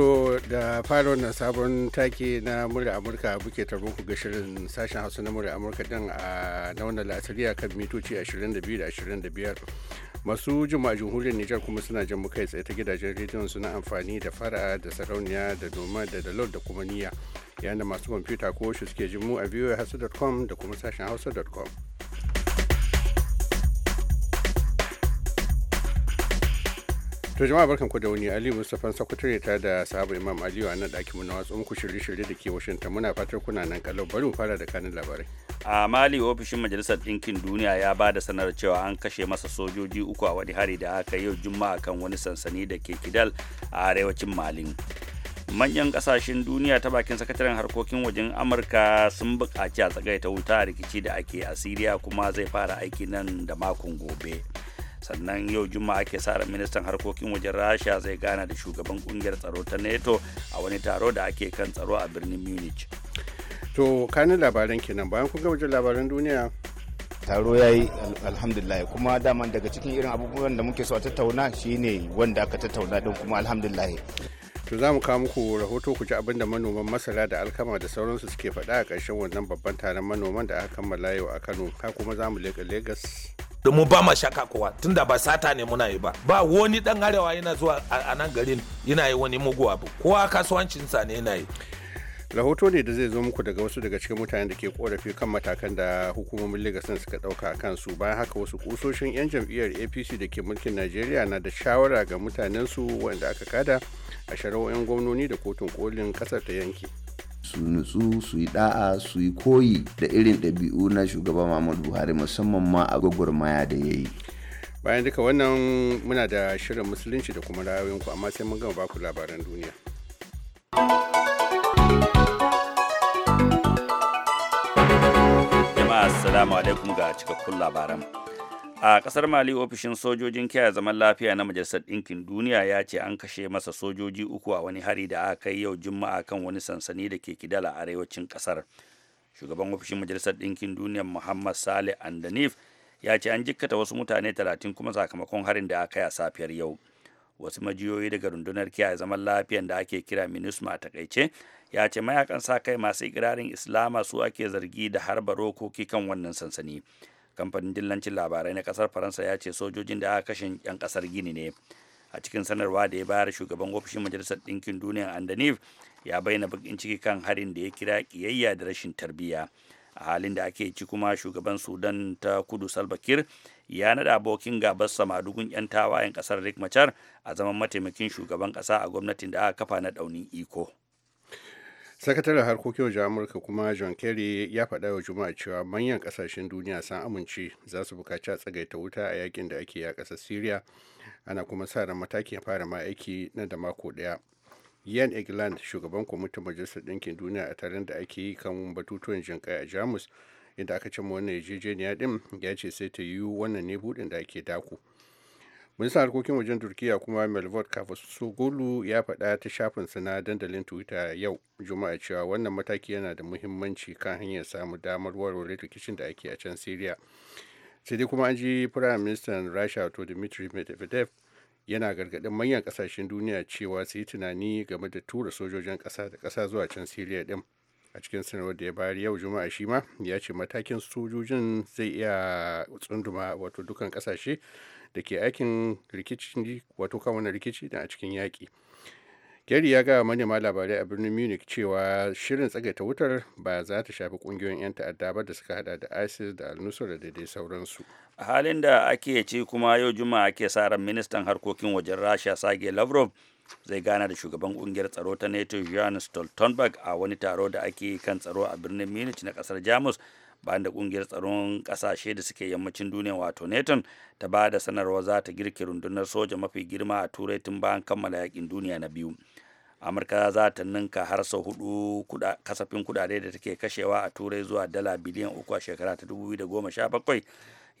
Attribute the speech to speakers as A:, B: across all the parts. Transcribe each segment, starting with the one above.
A: to da fara wannan sabon take na murya amurka buke taro ku ga shirin sashen hausa na murya amurka din a na wannan la'asari a kan mitoci 22 da 25 masu juma'a jamhuriyar nijar kuma suna jan kai tsaye ta gidajen rediyon suna amfani da fara da sarauniya da noma da dalot da kuma niyya yayin da masu kwamfuta ko shi suke jin mu a voahausa.com da kuma sashen hausa.com to jama'a barkan ku da wuni aliyu mustapha sakwatare ta da sahabu imam aliyu a nan ɗakin mu na watsa muku shirye-shirye da ke washington muna fatar kuna nan kalau bari mu
B: fara da kanin labarai a mali ofishin majalisar ɗinkin duniya ya ba da sanar cewa an kashe masa sojoji uku a wani hari da aka yau juma'a kan wani sansani da ke kidal a arewacin malin manyan kasashen duniya ta bakin sakataren harkokin wajen amurka sun buƙaci a tsagaita wuta a rikici da ake a siriya kuma zai fara aiki nan da makon gobe sannan yau juma'a ke sa ministan harkokin wajen rasha zai gana da shugaban kungiyar tsaro ta nato a wani taro da ake kan tsaro a birnin munich
A: to kanin labaran kenan bayan kun gama jin labaran
C: duniya taro ya yi alhamdulillah kuma daman daga cikin irin abubuwan da muke so a tattauna shine wanda aka tattauna din kuma alhamdulillah
A: to za mu kawo muku rahoto ku ji abin da manoman masara da alkama da sauransu suke faɗa a ƙarshen wannan babban taron manoman da aka kammala yau a kano ka kuma za mu leƙa legas
D: mu ba ma shaka kowa tunda ba sata ne muna yi ba ba wani dan arewa yana zuwa a nan garin yana yi wani mugu abu kowa kasuwancinsa ne yana yi
A: rahoto ne da zai zo muku daga wasu daga cikin mutanen da ke korafi kan matakan da hukumomin ligasan suka dauka a kansu bayan haka wasu kusoshin 'yan jam'iyyar apc da ke mulkin najeriya na da shawara ga mutanensu wanda aka kada a shari'o'in gwamnoni da kotun kolin kasar ta yanki
C: su nutsu su yi da'a su yi koyi da irin ɗabi'u na shugaba muhammadu buhari musamman ma a gwagwarmaya da ya yi
A: bayan duka wannan muna da shirin musulunci da kuma ra'ayoyinku amma sai mun gama baku labaran duniya.
B: Assalamu alaikum ga cikakkun labaran. A kasar Mali ofishin sojojin kiyaye zaman lafiya na Majalisar Ɗinkin Duniya ya ce an kashe masa sojoji uku a wani hari da aka yi yau Juma'a kan wani sansani da ke Kidala arewacin kasar. Shugaban ofishin Majalisar Ɗinkin Duniya Muhammad Saleh Andanif ya ce an jikkata wasu mutane talatin kuma sakamakon harin da aka yi a safiyar yau. Wasu majiyoyi daga rundunar kiyaye zaman lafiyan da ake kira MINUSMA a takaice ya ce mayakan sa kai masu ikirarin islama su ake zargi da harba rokoki kan wannan sansani kamfanin dillancin labarai na kasar faransa ya ce sojojin da aka kashe 'yan kasar gini ne a cikin sanarwa da ya bayar shugaban ofishin majalisar ɗinkin duniya andaniv ya bayyana bakin ciki kan harin da ya kira kiyayya da rashin tarbiyya a halin da ake ci kuma shugaban sudan ta kudu salbakir ya naɗa abokin sama dugun 'yan tawayen ƙasar rick a zaman mataimakin shugaban ƙasa a gwamnatin da aka kafa na ɗaunin iko
A: sakataren harkokin wajen amurka kuma john kerry ya faɗa wa juma'a cewa manyan kasashen duniya sun amince za su buƙaci a tsagaita wuta a yakin da ake a ƙasar syria ana kuma sa ran matakin fara ma aiki nan da mako ɗaya yan egland shugaban kwamitin majalisar ɗinkin duniya a taron da ake yi kan batutuwan jinƙai a jamus inda aka cimma wannan yarjejeniya ɗin ya ce sai ta yiwu wannan ne buɗin da ake dako ministan harkokin wajen turkiya kuma melvod cavusoglu ya faɗa ta shafinsa na dandalin twitter yau juma'a cewa wannan mataki yana da muhimmanci kan hanyar samu damar warware rikicin da ake a can syria sai dai kuma an ji prime minister rasha to dmitry medvedev yana gargaɗin manyan ƙasashen duniya cewa su yi tunani game da tura sojojin ƙasa da ƙasa zuwa can syria din a cikin sanarwar da ya bayar yau juma'a shi ma ya ce matakin sojojin zai iya tsunduma wato dukan ƙasashe da ke aikin rikici wato kamar rikici da a cikin yaƙi gari ya gaya manema labarai a birnin Munich cewa shirin tsagaita wutar ba za ta shafi kungiyoyin
B: 'yan ta'adda ba da suka hada da ISIS da al-Nusra da dai sauransu. A halin da ake ci kuma yau Juma'a ake sa ran ministan harkokin wajen Rasha Sage Lavrov zai gana da shugaban kungiyar tsaro ta NATO Jens Stoltenberg a wani taro da ake kan tsaro a birnin Munich na kasar Jamus bayan da kungiyar tsaron kasashe da suke yammacin duniya wato nato ta ba da sanarwa za ta girke rundunar soja mafi girma a turai tun bayan kammala yakin duniya na biyu amurka za ta ninka har sau hudu kasafin kudade da take kashewa a turai zuwa dala biliyan uku a shekara ta 2017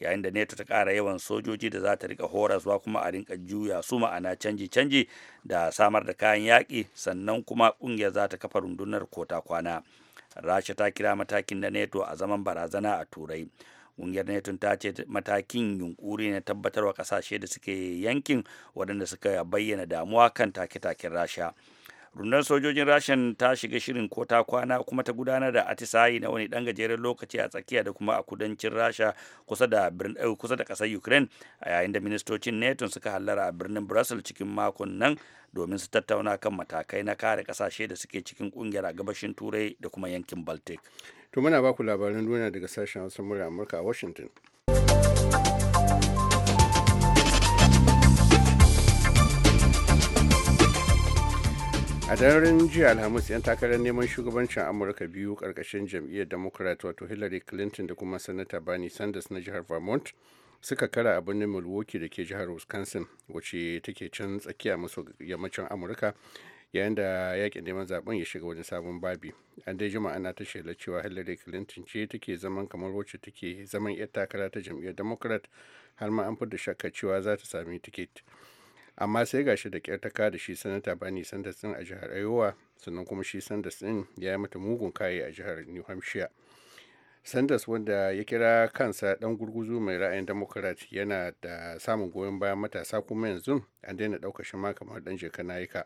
B: yayin da neto ta kara yawan sojoji da za ta rika horaswa kuma a rinka juya su ma'ana canji-canji da samar da kayan yaƙi sannan kuma kungiyar za ta kafa rundunar kota kwana. rasha ta kira matakin na neto a zaman barazana a turai ƙungiyar neto ta ce matakin yunkuri na tabbatarwa ƙasashe da suke yankin waɗanda suka bayyana damuwa kan take-taken rasha rundunar sojojin rashin ta shiga shirin ko ta kwana kuma ta gudanar da atisayi na wani dan gajeren lokaci a tsakiya da kuma a kudancin rasha kusa da eh, kusa da kasar ukraine a yayin da ministocin nato suka hallara a birnin brussels cikin makon nan domin su tattauna kan matakai na kare kasashe da suke cikin kungiyar a gabashin turai da kuma yankin baltic to muna
A: baku labaran duniya daga sashen hausa murya amurka a washington a daren jiya alhamis 'yan takarar neman shugabancin amurka biyu karkashin jam'iyyar democrat wato hillary clinton da kuma sanata bernie sanders na jihar vermont suka kara a birnin milwaukee da ke jihar wisconsin wacce take can tsakiya maso yammacin amurka yayin da yakin neman zaben ya shiga wani sabon babi an dai jima ana ta shela cewa hillary clinton ce take zaman kamar wacce take zaman 'yar takara ta jam'iyyar democrat har ma an fi da shakka cewa za ta sami tiket amma sai gashi da kyar ta kada shi sanata bani sanders din a jihar ayowa sannan kuma shi sanders din ya yi mata mugun kayi a jihar new hampshire sanders wanda ya kira kansa dan gurguzu mai ra'ayin democrat yana da samun goyon bayan matasa kuma yanzu an daina ɗaukar shi ma kamar dan jeka nayika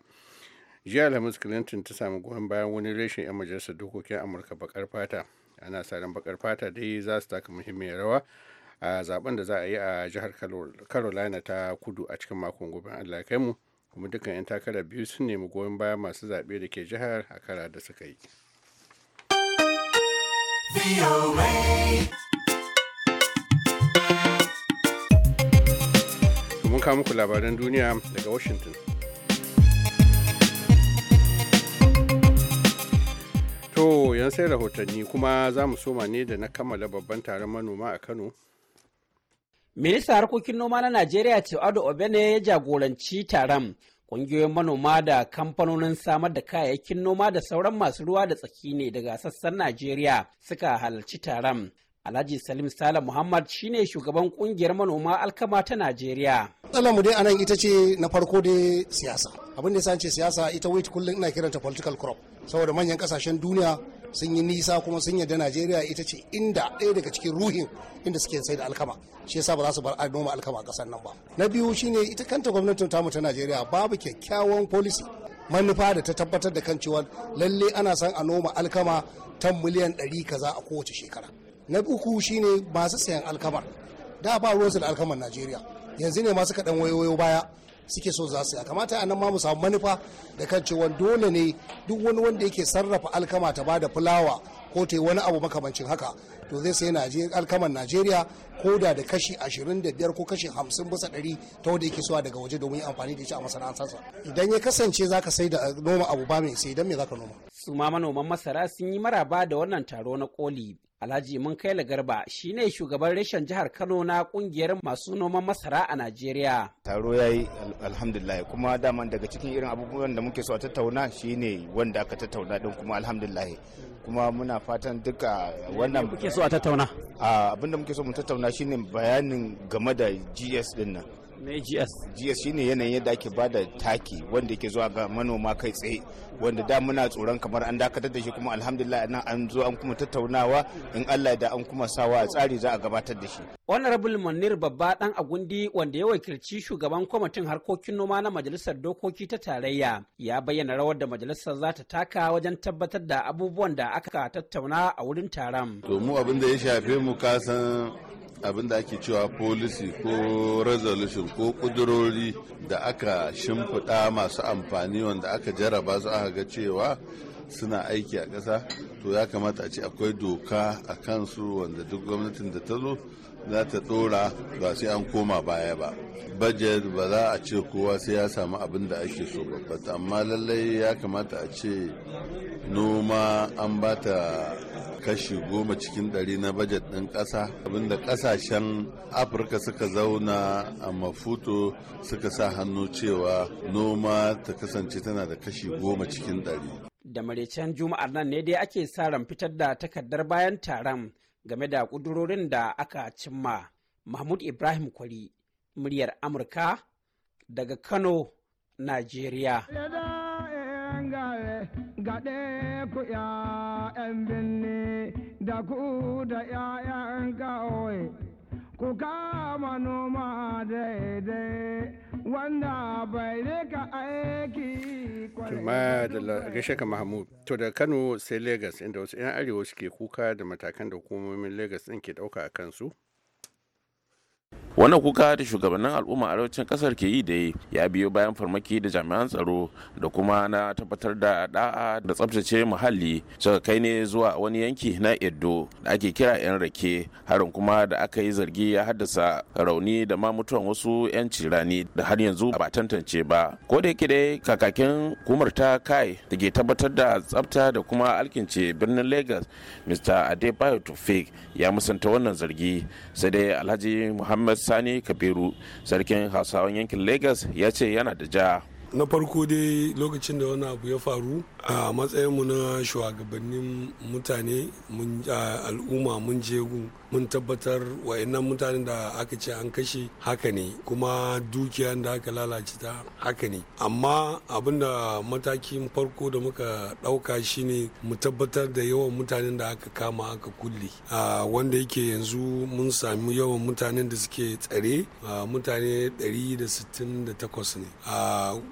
A: jiya alhamis clinton ta samu goyon bayan wani reshen 'yan majalisar dokokin amurka bakar fata ana sa ran bakar fata dai za su taka muhimmiyar rawa a zaben da za a yi a jihar carolina ta kudu a cikin makon gobe allah kai mu kuma dukkan 'yan takara biyu sun nemi goyon baya masu zaɓe da ke jihar a kara da suka yi mun kawo muku labaran duniya daga washington To yan sai rahotanni kuma za mu soma ne da na kammala babban taron manoma a Kano Minista harkokin noma
E: na Najeriya Teodo Obene ya jagoranci taron ƙungiyoyin manoma da kamfanonin samar da kayayyakin noma da sauran masu ruwa da tsaki ne daga sassan Najeriya suka halarci taron. Alhaji Salim Sala Muhammad shine shugaban kungiyar manoma alkama ta Najeriya. mu dai anan ita ce na farko dai siyasa. Abin da ya ce siyasa ita
F: wait kullum ina kiranta political crop. Saboda manyan kasashen duniya sun yi nisa kuma sun yarda najeriya ita ce inda ɗaya daga cikin ruhin inda suke sai da alkama shi yasa ba za su bar noma alkama a ƙasar nan ba na biyu shine ita kanta gwamnatin tamu ta najeriya babu kyakkyawan policy manufa da ta tabbatar da kan cewa lalle ana son a noma alkama ta miliyan ɗari kaza a kowace shekara na uku shine masu sayan alkamar da ba ruwansu da alkamar najeriya yanzu ne masu kaɗan wayoyo baya suke so za su yi kamata a nan ma mu samu manufa da kan cewa dole ne duk wani wanda yake sarrafa alkama ta bada fulawa ko ta yi wani abu makamancin haka to zai sai alkaman najeriya ko da da kashi 25 ko kashi 50
E: bisa 100 ta wanda yake suwa daga waje domin amfani da shi a masana'antarsa idan ya kasance za ka sai
F: da uh, noma abu
E: ba mai sai idan me ka noma su ma manoman masara sun yi maraba da wannan taro na koli Alhaji Munkaila Garba ne shugaban reshen jihar Kano na kungiyar masu noman masara a Najeriya.
C: Taro ya yi alhamdulillah kuma dama daga cikin irin abubuwan da muke so a tattauna shine wanda aka tattauna din kuma alhamdulillah kuma muna fatan duka wannan kuke so a tattauna abin da muke so mu tattauna shine bayanin game da GS din nan
E: na gs
C: gs shine yanayin yadda ake ba da taki wanda yake zuwa ga manoma kai tsaye wanda da muna tsoron kamar an dakatar da shi kuma alhamdulillah nan an zo an kuma tattaunawa in allah da an kuma sawa a tsari za a gabatar da shi
E: honorable manir babba dan agundi wanda ya wakilci shugaban kwamitin harkokin noma na majalisar dokoki ta tarayya ya bayyana rawar da majalisar za ta taka wajen tabbatar da abubuwan da aka tattauna a wurin taron
A: to mu abin da ya shafe mu kasan abin da ake cewa policy ko resolution ko kudurori da aka shimfiɗa masu amfani wanda aka jaraba su aka ga cewa suna aiki a ƙasa to ya kamata a ce akwai doka a kansu wanda duk gwamnatin da ta zo za ta ɗora ba sai an koma baya ba budget ba za a ce kowa sai ya samu abin da ake so ba amma lallai ya kamata a ce noma an ba ta kashi goma cikin ɗari na bajet ɗin ƙasa abinda ƙasashen afirka suka zauna a mafuto suka sa hannu cewa noma ta kasance tana da kashi goma
G: cikin ɗari
E: da maraicen juma'ar nan ne dai ake sa ran fitar da takardar bayan taron game da ƙudurorin da aka cimma mahmud ibrahim kwari muryar amurka daga kano najeriya
H: can gare gaɗe ku ‘ya'yan binne da ku da ‘ya'yan kawai ku kama noma daidai wanda bai rika aiki
A: kwarai da mahmud to da kano sai lagos inda wasu 'yan arewa suke kuka da matakan da hukumomin lagos ɗin ke ɗauka a kansu
I: wannan kuka da shugabannin al'umma arewacin kasar ke yi da ya biyo bayan farmaki da jami'an tsaro da kuma na tabbatar da da'a da tsabtace muhalli suka kai ne zuwa wani yanki na edo da ake kira yan rake harin kuma da aka yi zargi ya haddasa rauni da ma mutuwan wasu yan cirani da har yanzu ba tantance ba ko da yake dai kakakin hukumar ta kai da ke tabbatar da tsabta da kuma alkince birnin lagos mr adebayo tufik ya musanta wannan zargi sai dai alhaji muhammad sani kabiru sarkin hausawan yankin lagos ya ce yana da ja
J: na farko dai lokacin da wani abu ya faru a matsayinmu na shugabannin mutane al'umma mun je mun tabbatar wa'annan mutanen da aka ce an kashe haka ne kuma dukiya da aka lalace ta haka ne amma abinda matakin farko da muka ɗauka shine mu tabbatar da yawan mutanen da aka kama aka kulle wanda yake yanzu mun sami yawan mutanen da suke tsare mutane 168 ne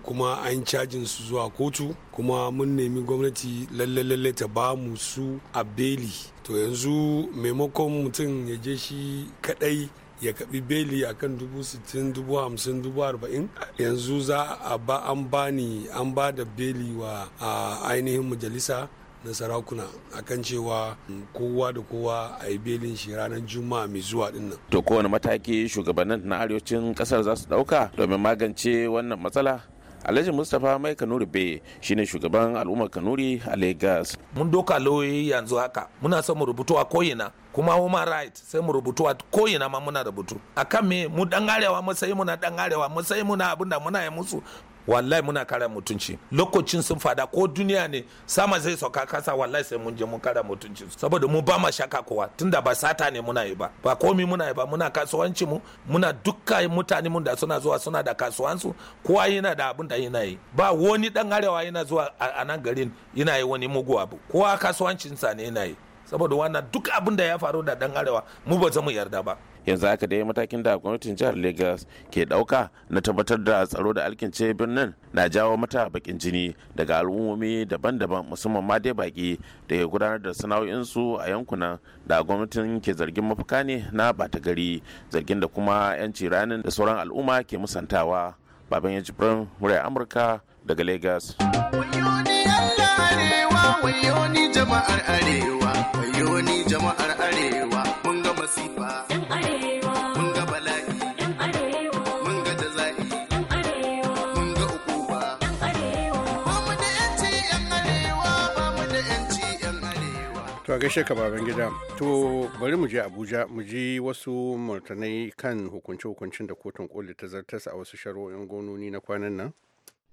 J: kuma an cajin su zuwa kotu kuma mun nemi gwamnati lalle lalle ta ba mu su a beli to yanzu maimakon mutum ya je shi kadai ya kaɓi beli a kan dubu sittin dubu hamsin dubu arba'in yanzu za a ba an bani an ba da beli wa a ainihin majalisa na sarakuna akan cewa kowa da kowa a yi belin shi ranar juma'a mai zuwa din nan.
I: To kowane mataki shugabannin na arewacin kasar za su ɗauka domin magance wannan matsala? alhaji mustapha mai kanuri be shine shugaban al'ummar kanuri a lagos mun
D: doka lauyoyi yanzu haka muna son mu rubutu a koyina kuma human right sai mu rubutu a koyina ma muna rubutu akan me mu dan arewa mu sai muna dan arewa mu sai muna abinda muna yi musu wallahi muna kara mutunci lokacin sun fada ko duniya ne sama zai sauka kasa wallahi sai mun je mun kara mutunci saboda mu ba ma shaka kowa tunda ba sata ne muna yi ba ba komi muna yi ba muna kasuwanci mu muna dukkan mutane mun da suna zuwa suna da kasuwansu kowa yana da abin da yana yi ba wani dan arewa yana zuwa a nan garin yana yi wani mugu abu kowa kasuwancinsa ne yana yi saboda wannan duk abin da ya faru da dan arewa mu ba za mu yarda ba
I: yanzu haka dai matakin da gwamnatin jihar lagos ke dauka na tabbatar da tsaro da alkince birnin na jawo mata bakin jini daga al'ummomi daban-daban musamman ma dai baki da ke gudanar da sana'o'insu a yankunan da gwamnatin ke zargin mafaka ne na bata gari zargin da kuma 'yanci ranin da sauran al'umma ke musantawa baban ya murai amurka daga lagos
H: jama'ar arewa jama'ar arewa
A: gaishe ka baban gida. To bari mu je Abuja mu ji wasu martanai kan hukunce hukuncin da kotun koli ta zartarsa a wasu shari'o'in gwamnoni na kwanan nan.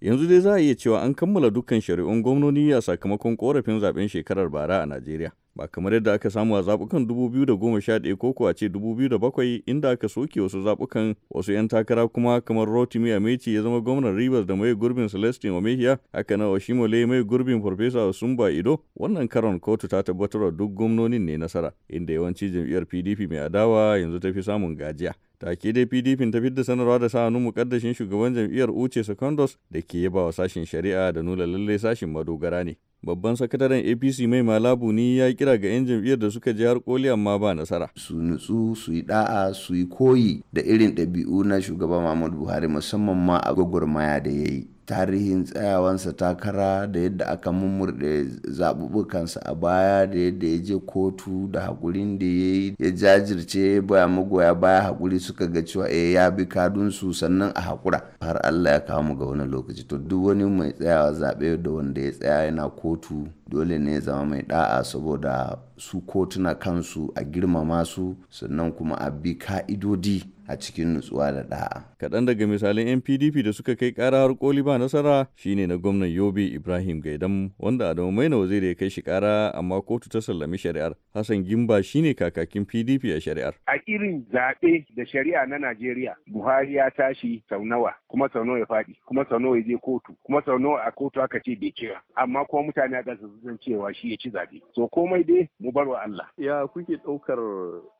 G: yanzu dai za a iya cewa an kammala dukkan shari'un gwamnoni a sakamakon korafin zaben shekarar bara a Najeriya. ba kamar yadda aka samu a zabukan 2011 ko a ce 2007 inda aka soke wasu zabukan wasu 'yan takara kuma kamar Rotimi Amechi ya zama gwamnan Rivers da mai gurbin Celestine Omehia haka na Oshimole mai gurbin Farfesa Sumba Ido wannan karon kotu ta tabbatar da duk gwamnonin ne nasara inda yawanci jam'iyyar PDP mai adawa yanzu ta fi samun gajiya. take dai pdp ta da sanarwa da sa hannun mukaddashin shugaban jam'iyyar uce secondos da ke yaba wa sashen shari'a da nuna lallai sashen madogara ne babban sakataren apc mai malabu ne ya kira ga 'yan jam'iyyar da suka ji har koli amma ba nasara
C: su nutsu su yi da'a su yi koyi da irin ɗabi'u na shugaba muhammadu buhari musamman ma a gwagwarmaya da ya yi tarihin tsayawansa takara da yadda aka mummurde zaɓuɓɓukansa a baya da yadda ya je kotu da haƙurin da ya yi ya jajirce baya magoya baya haƙuri suka ga cewa eh ya bi kadunsu sannan a haƙura har allah ya kawo mu ga wani lokaci to duk wani mai tsayawa zaɓe da wanda ya tsaya yana ko kotu dole ne zama mai da'a saboda su kotuna kansu a girmama su sannan kuma a bi ka'idodi a cikin nutsuwa da ɗa'a.
G: Kaɗan daga misalin 'yan PDP da suka kai ƙara har koli ba nasara shine na gwamnan Yobe Ibrahim Gaidam wanda Adamu Maina Waziri ya kai shi ƙara amma kotu ta sallami shari'ar. Hassan Gimba shine kakakin PDP a shari'ar.
J: A irin zaɓe da shari'a na Najeriya Buhari ya tashi sau nawa kuma sau nawa ya faɗi kuma sau nawa ya je kotu kuma sau nawa a kotu aka ce bai kira amma kuma mutane a gasa cewa shi ya ci zaɓe. So komai dai mu bar wa Allah.
G: Ya kuke ɗaukar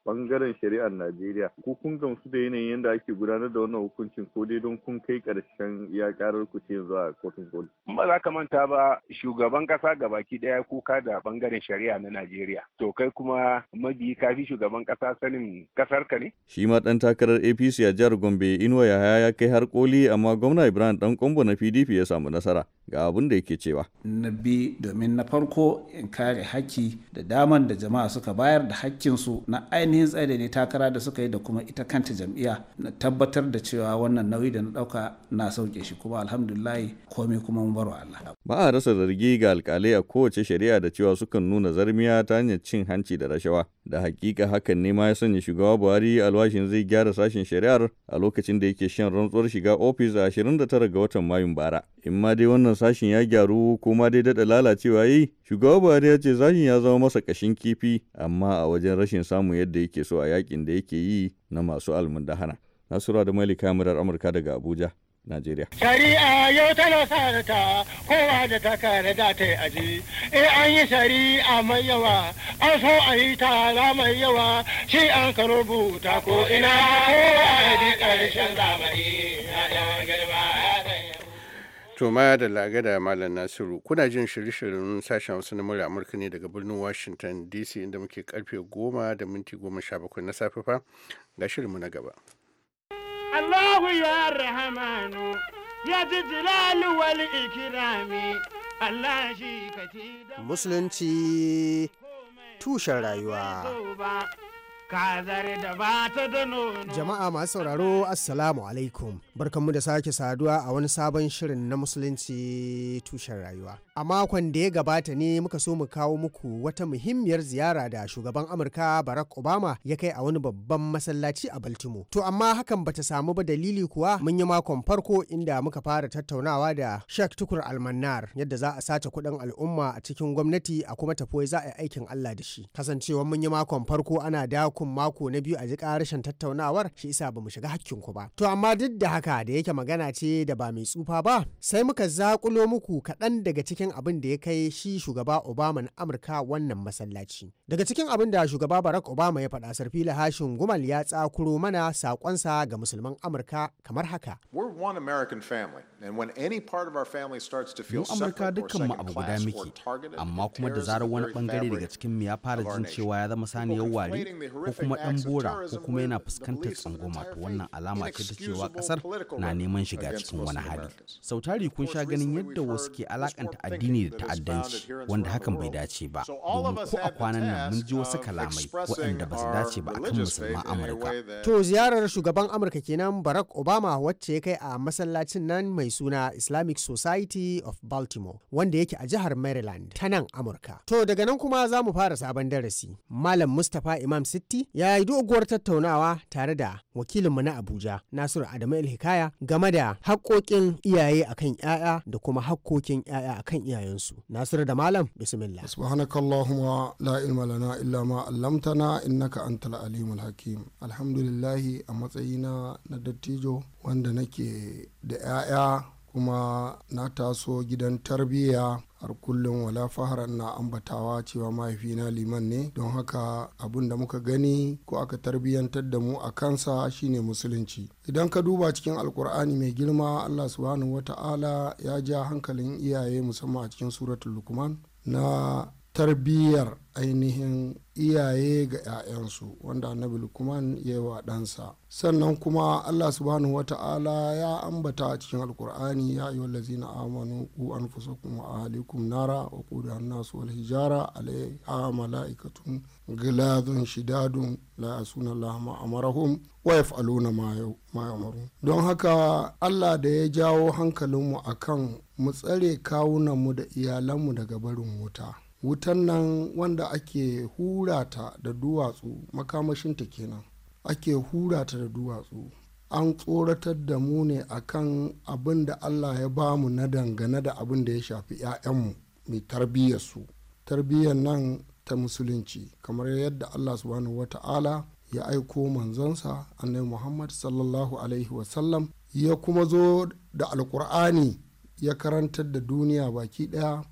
G: bangaren shari'ar Najeriya ko kun gamsu da yanayin yadda ake gudanar da wannan hukuncin ko dai don kun kai karshen ya karar ku ce zuwa kotun koli.
J: Ba za ka manta ba shugaban kasa gabaki daya kuka da bangaren shari'a na Najeriya. To kai kuma mabiyi kafi shugaban kasa sanin kasar ka ne?
G: Shi ma dan takarar APC a jihar Gombe Inuwa Yahaya ya kai har koli amma gwamna Ibrahim dan Kombo na PDP ya samu nasara. Ga abin da yake cewa.
E: Na bi domin na farko in kare haƙƙi da daman da jama'a suka bayar da haƙƙinsu na ainihin ainihin tsaye ne ni takara da suka yi da kuma ita kanta jam'iyya na tabbatar da cewa wannan nauyi da na dauka na sauke shi kuma alhamdulillahi komai kuma mun barwa Allah.
G: Ba a rasa zargi ga alkalai a kowace shari'a da cewa sukan nuna zarmiya ta hanyar cin hanci da rashawa. da hakika hakan ne ma ya sanya shugaba buhari alwashin zai gyara sashen shari'ar a lokacin da yake shan rantsuwar shiga ofis a 29 ga watan mayun bara in ma dai wannan sashen ya gyaru ko ma dai dada lalacewa yi shugaba buhari ya ce sashen ya zama masa kashin kifi amma a wajen rashin samun yadda yake so a yakin da yake yi na masu almundahana Nasiru da malika murar amurka daga abuja Najeriya.
H: Shari'a yau tana sa ta kowa da ta kare da ta yi aji. E an yi shari'a mai yawa, an so a yi tara mai yawa, shi an ka rubuta ko ina kowa a ji ƙarshen
C: zamani.
D: girma
A: Toma da Lagada da Malam Nasiru, kuna jin shirye-shiryen sashen wasu na murya Amurka ne daga birnin Washington DC inda muke karfe goma da minti goma sha bakwai na safe fa ga shirinmu na gaba.
C: يا رحمن يا جلال والإكرام Allah shi ka
H: Musulunci tushen rayuwa. Jama'a masu sauraro Assalamu alaikum. Barkanmu da sake saduwa a wani sabon shirin na Musulunci tushen rayuwa. a makon da ya gabata ne muka so mu kawo muku wata muhimmiyar ziyara da shugaban amurka barack obama ya kai a wani babban masallaci a baltimo to amma hakan bata samu ba dalili kuwa mun yi makon farko inda muka fara tattaunawa da shek tukur almannar yadda za a sace kuɗin al'umma a cikin gwamnati a kuma tafi za a aikin allah da shi kasancewa mun yi makon farko ana dakun mako na biyu a ji rashin tattaunawar shi isa ba mu shiga ku ba to amma duk da haka da yake magana ce da ba mai tsufa ba sai muka zakulo muku kaɗan daga cikin cikin abin da ya kai shi shugaba Obama na Amurka wannan masallaci. Daga cikin abin da shugaba Barack Obama ya faɗa sarfi hashin gumal ya tsakuro mana saƙonsa ga musulman Amurka kamar haka.
C: We're one American family. Mu Amurka dukkan mu
H: abu guda muke, amma kuma da zarar wani bangare daga cikin mu ya fara jin cewa ya zama saniyar wari ko kuma ɗan bora ko kuma yana fuskantar tsangoma to wannan alama ce ta cewa kasar na neman shiga cikin wani hali. Sautari kun sha ganin yadda wasu ke alakanta addini da ta'addanci wanda hakan bai dace ba. Domin ko a kwanan nan mun ji wasu kalamai waɗanda ba su dace ba akan musulman Amurka. To ziyarar shugaban Amurka kenan Barack Obama wacce ya kai a masallacin nan mai mai suna Islamic Society of Baltimore wanda yake a jihar Maryland ta nan Amurka. To daga nan kuma za mu fara sabon darasi. Malam Mustapha Imam Sitti ya yi doguwar tattaunawa tare da wakilinmu na Abuja Nasiru Adamu Hikaya game da haƙoƙin iyaye akan 'ya'ya da kuma haƙoƙin 'ya'ya akan iyayensu. Nasiru da Malam bismillah. Subhanakallahumma la ilma lana illa ma 'allamtana
F: innaka antal alimul hakim. Alhamdulillahi a matsayina na dattijo wanda nake da 'ya'ya kuma na taso gidan tarbiyya har kullum wala faharan na ambatawa cewa mahaifina liman ne don haka abin da muka gani ko aka tarbiyyantar da mu a kansa shine musulunci idan ka duba cikin alkur'ani mai girma allah subhanahu wata'ala ya ja hankalin iyaye musamman a cikin suratul lukman na tarbiyyar ainihin iyaye ga 'ya'yansu wanda annabi lukman ya yi wa ɗansa sannan kuma allah subhanahu wa ta'ala ya ambata a cikin alkur'ani ya yi wallazi na amanu ku an fusa kuma a halikun nara wa hannu nasu wal hijara alaiha mala'ikatun giladun shidadun la asuna lahama Waif wa yaf'aluna ma don haka allah da ya jawo hankalinmu akan mu tsare kawunanmu da iyalanmu daga barin wuta wutan nan wanda ake hurata da duwatsu makamashinta kenan ake hurata da duwatsu an tsoratar da mu ne a kan abin da allah ya ba mu na dangane da abin da ya shafi 'ya'yanmu mai tarbiyyarsu tarbiyyar nan ta musulunci kamar yadda allah subhanahu wata'ala ya aiko manzansa annabi muhammad sallallahu alaihi wasallam ya kuma zo da alkur'ani ya karantar da duniya baki daya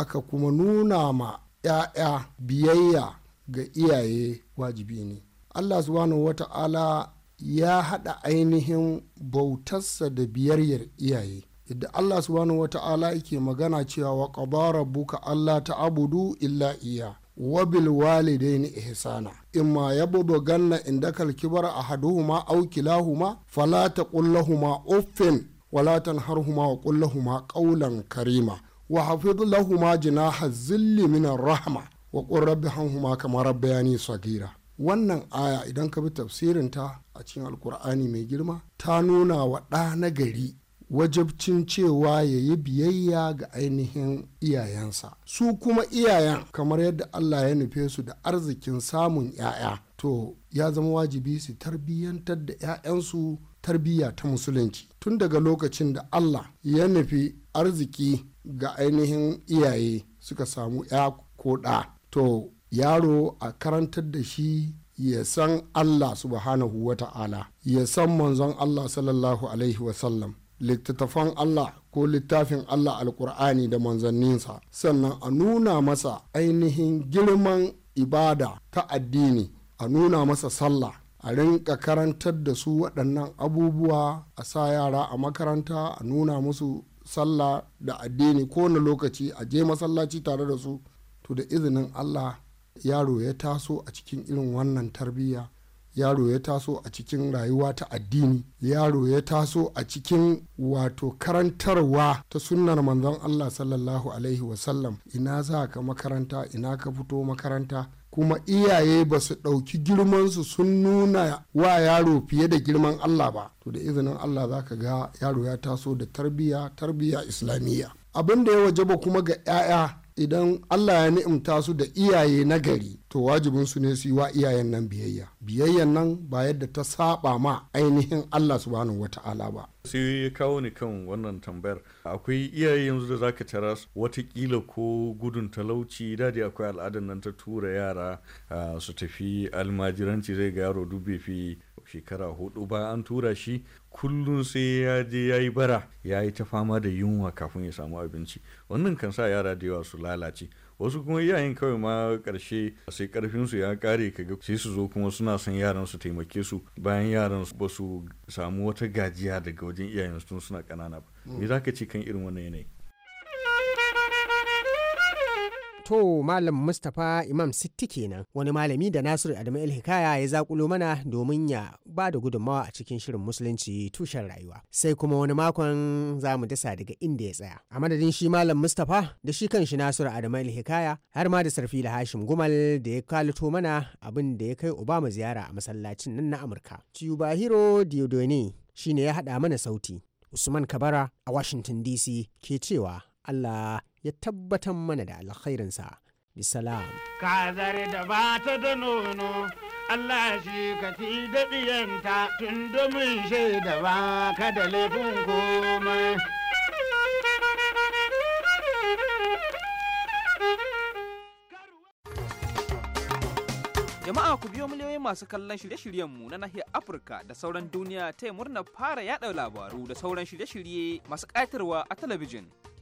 F: aka kuma nuna ma 'ya'ya biyayya ga iyaye wajibi ne allah subhanahu wata'ala ya haɗa ainihin bautarsa da biyayyar iyaye yadda allah subhanahu wata'ala yake magana cewa wa ƙabara buka allah ta abudu illa iya wabil ni ihsana imma yabudu ganna indakal a ahaduhuma aw kilahuma falata kullahuma lahumu uffin wala tanharhuma wa kullahuma kaulan karima wa hafid lahuma jina zilli minar rahma wa qur kamar hanhuma kama sagira wannan aya idan ka bi tafsirin a cikin alkur'ani mai girma ta nuna wa ɗa na gari wajabcin cewa ya yi biyayya ga ainihin iyayensa su kuma iyayen kamar yadda allah ya nufe su da arzikin samun 'ya'ya to ya zama wajibi su tarbiyyantar da 'ya'yansu tarbiyya ta musulunci tun daga lokacin da allah ya nufi arziki ga ainihin iyaye suka samu ya ko ɗa to yaro a karantar da shi ya san allah subhanahu wa ta'ala ya san manzon allah sallallahu alaihi wasallam littattafan allah ko littafin allah alkur'ani da manzanninsa sannan a nuna masa ainihin girman ibada ta addini a nuna masa sallah a rinka karantar da su waɗannan abubuwa a sa yara a makaranta a nuna musu sallah da addini kowane lokaci a je masallaci tare da su to da izinin allah yaro ya taso a cikin irin wannan tarbiyya yaro ya taso a cikin rayuwa ta addini yaro ya taso a cikin wato karantarwa ta sunnar manzon allah sallallahu alaihi wasallam ina za ka makaranta ina ka fito makaranta kuma iyaye ba su ɗauki girmansu sun nuna wa yaro fiye da girman Allah ba to da izinin Allah za ka ga yaro ya taso da tarbiya tarbiya islamiyya abin da ya wajaba kuma ga 'ya'ya idan allah ya ni'imta su da iyaye na gari to wajibin su ne su yi wa iyayen nan biyayya biyayyan nan ba yadda ta saba ma ainihin allah subhanahu wata'ala
G: ba sai ya kawo ni kan wannan tambayar akwai iyaye yanzu da zaka tara watakila ko gudun talauci dadi akwai al'adar nan ta tura yara ah, su tafi almajiranci zai ga yaro dubbe fi shekara hudu bayan an tura shi kullum sai ya je ya yi bara ya yi ta fama da yunwa kafin ya samu abinci wannan kan sa yara da yawa su lalace wasu kuma iyayen kawai ma karshe sai karfinsu ya kare kaga sai su zo kuma suna son yaran su taimake su bayan yaran su ba su samu wata gajiya daga wajen iyayen su suna kanana ba me ka ce kan irin wannan yanayi
H: To Malam Mustapha Imam Sitti kenan wani malami da Nasiru Adamu El ya zakulo mana domin ya ba da gudunmawa a cikin shirin musulunci tushen rayuwa. Sai kuma wani makon za mu dasa daga inda ya tsaya. A madadin shi Malam Mustapha da shi kan shi Nasiru Adamu El Hikaya har ma da Sarfi da Hashim Gumal da ya kalato mana abin da ya kai Obama ziyara a masallacin nan na Amurka. Ciyubahiro diodoni shine ya haɗa mana sauti. Usman Kabara a Washington DC ke cewa Allah ya tabbatar mana da alkhairinsa bisalam
C: kazar da ba ta da nono
H: Allah shi ka fi daɗiyanta tun domin shaida ba ka da laifin komai
E: Jama'a ku biyo miliyoyin masu kallon shirye-shiryenmu na nahiyar Afirka da sauran duniya ta murna fara yada labaru da sauran shirye-shirye masu ƙayatarwa a talabijin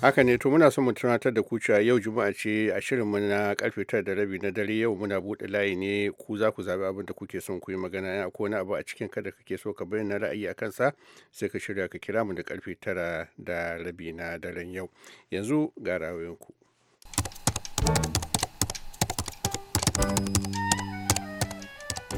A: haka ne to muna son mu tunatar da kuciya yau juma'a ce a shirin mu na karfe tara da rabi na dare yau muna buɗe layi ne ku za ku zaɓi abin da kuke son ku yi magana ya ko wani abu a cikin kada kake so ka bayyana ra'ayi a kansa sai ka shirya ka kira mu da karfe tara da rabi na daren yau yanzu ga ra'ayoyinku.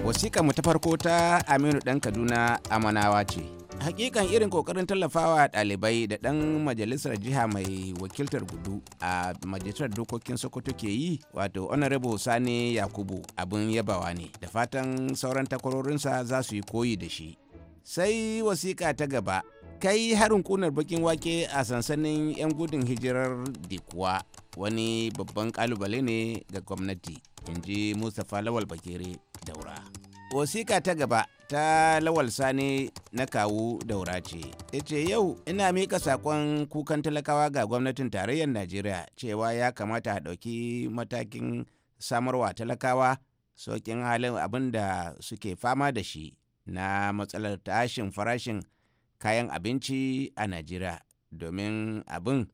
C: wasiƙa mu ta farko ta aminu ɗan kaduna amanawa ce hakikan irin kokarin tallafawa ɗalibai da ɗan majalisar jiha mai wakiltar gudu a majalisar dokokin sokoto ke yi wato honorable sani yakubu abin yabawa ne da fatan sauran takwarorinsa za su yi koyi da shi sai wasiƙa ta gaba kai harin kunar bakin wake a sansanin 'yan gudun hijirar dikuwa wani babban kalubale ne ga gwamnati in ji mustapha lawal bakere daura wasiƙa ta gaba ta lawal sani na kawu daura ce ya ce yau ina mika sakon kukan talakawa ga gwamnatin tarayyar najeriya cewa ya kamata a ɗauki matakin samarwa talakawa saukin halin abin da suke fama da shi na matsalar tashin farashin kayan abinci a najeriya domin abin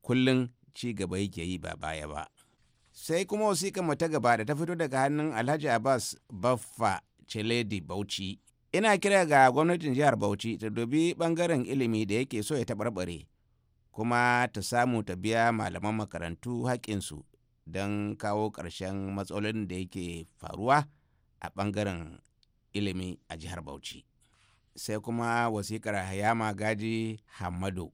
C: kullum ci gaba yake yi ba baya ba sai kuma wasiƙar mu ta gaba da ta fito daga hannun alhaji abbas baffa Cheledi Bauchi. Ina kira ga gwamnatin jihar Bauchi ta dubi bangaren ilimi da yake so ya taɓarɓare, kuma ta samu ta biya malaman makarantu haƙƙinsu don kawo ƙarshen matsalolin da yake faruwa a bangaren ilimi a jihar Bauchi. Sai kuma wasiƙar Hayama Gaji Hamadu.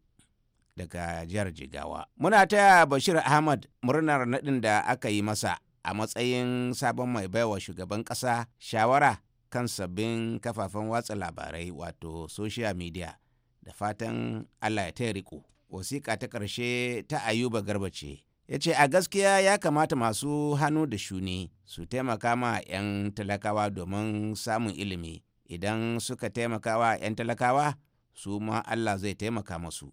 C: daga jihar Jigawa. Muna taya Bashir Ahmad murnar naɗin da aka yi masa a matsayin sabon mai baiwa shugaban ƙasa shawara kan sabbin kafafen watsa labarai wato social media da fatan allah ya ta riko wasiƙa ta ƙarshe ta ayuba garba ce ya ce a gaskiya ya kamata masu hannu da shuni su taimaka ma 'yan talakawa domin samun ilimi idan suka taimaka wa 'yan talakawa su ma allah zai taimaka masu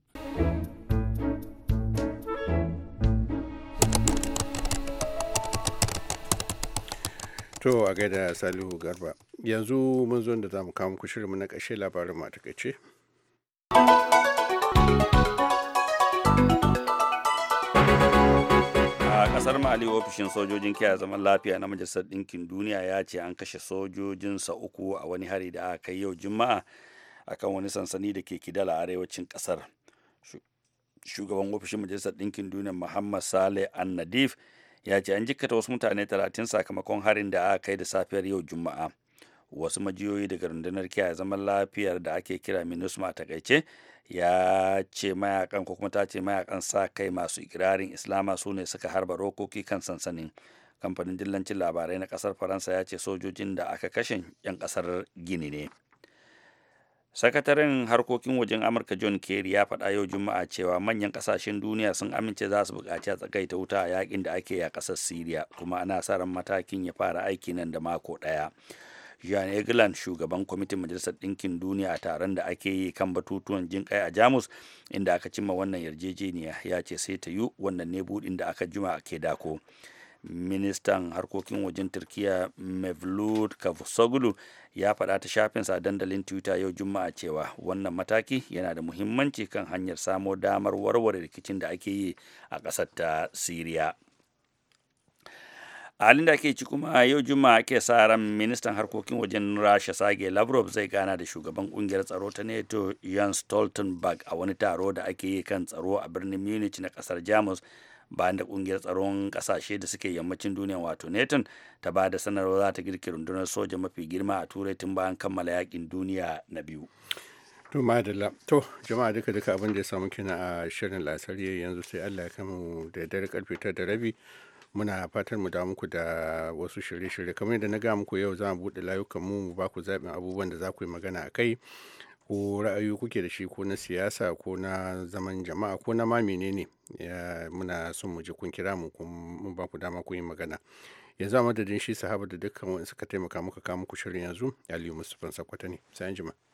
A: to a gaida salihu garba yanzu mun zo da za mu kawo muku shirinmu na ƙashe labarin mu
B: a kasar mali ofishin sojojin kiyaye zaman lafiya na majalisar ɗinkin duniya ya ce an kashe sojojinsa uku a wani hari da aka kai yau juma'a akan wani sansani da ke kidala arewacin kasar shugaban ofishin majalisar ɗinkin duniya muhammad saleh an nadif ya ce an jikkata wasu mutane 30 sakamakon harin da aka kai da safiyar yau juma'a wasu majiyoyi daga rundunar kiyaye zaman lafiyar da ake kira minusma a takaice ya ce mayakan ko kuma ta ce mayakan sa kai masu ikirarin islama su ne suka harba rokoki kan sansanin kamfanin dillancin labarai na kasar faransa ya ce sojojin da aka kashe 'yan kasar gini ne sakataren harkokin wajen amurka john kerry ya faɗa yau juma'a cewa manyan ƙasashen duniya sun amince za su buƙaci a tsakaita wuta a yakin da ake yi a ƙasar syria kuma ana sa ran matakin ya fara aiki nan da mako ɗaya Jean Egeland shugaban kwamitin Majalisar Ɗinkin Duniya a taron da ake yi kan batutuwan jin a Jamus inda aka cimma wannan yarjejeniya ya ce sai ta yi wannan ne buɗin da aka jima ke dako. ministan harkokin wajen Turkiyya mevlut cavusoglu ya faɗa ta shafin sa dandalin twitter yau juma'a cewa wannan mataki yana da muhimmanci kan hanyar samo damar warware rikicin da ake yi a ƙasar ta siriya a halin da ake ci kuma yau juma'a ake sa ran ministan harkokin wajen rasha sage lavrov zai gana da shugaban kungiyar tsaro ta nato jan stoltenberg a wani taro da ake yi kan tsaro a birnin munich na kasar jamus bayan da kungiyar tsaron kasashe da suke yammacin duniya wato nato ta ba da sanarwa za ta girki rundunar soja mafi girma a turai tun bayan kammala yakin duniya na biyu to
A: madalla to jama'a duka duka abin da ya samu kina a shirin lasariya yanzu sai allah ya kamu da dare karfe ta da rabi muna fatan mu da muku da wasu shirye-shirye kamar yadda na ga muku yau za mu buɗe layukan mu mu ba ku zaɓin abubuwan da za ku yi magana a kai ko ra'ayoyi kuke da shi ko na siyasa ko na zaman jama'a ko na ma menene muna son mu ji kun kira mu kun ba ku dama ku yi magana yanzu a madadin shi sahaba da dukkan wani suka taimaka muka kawo muku shirin yanzu aliyu mustapha sakwata ne sai an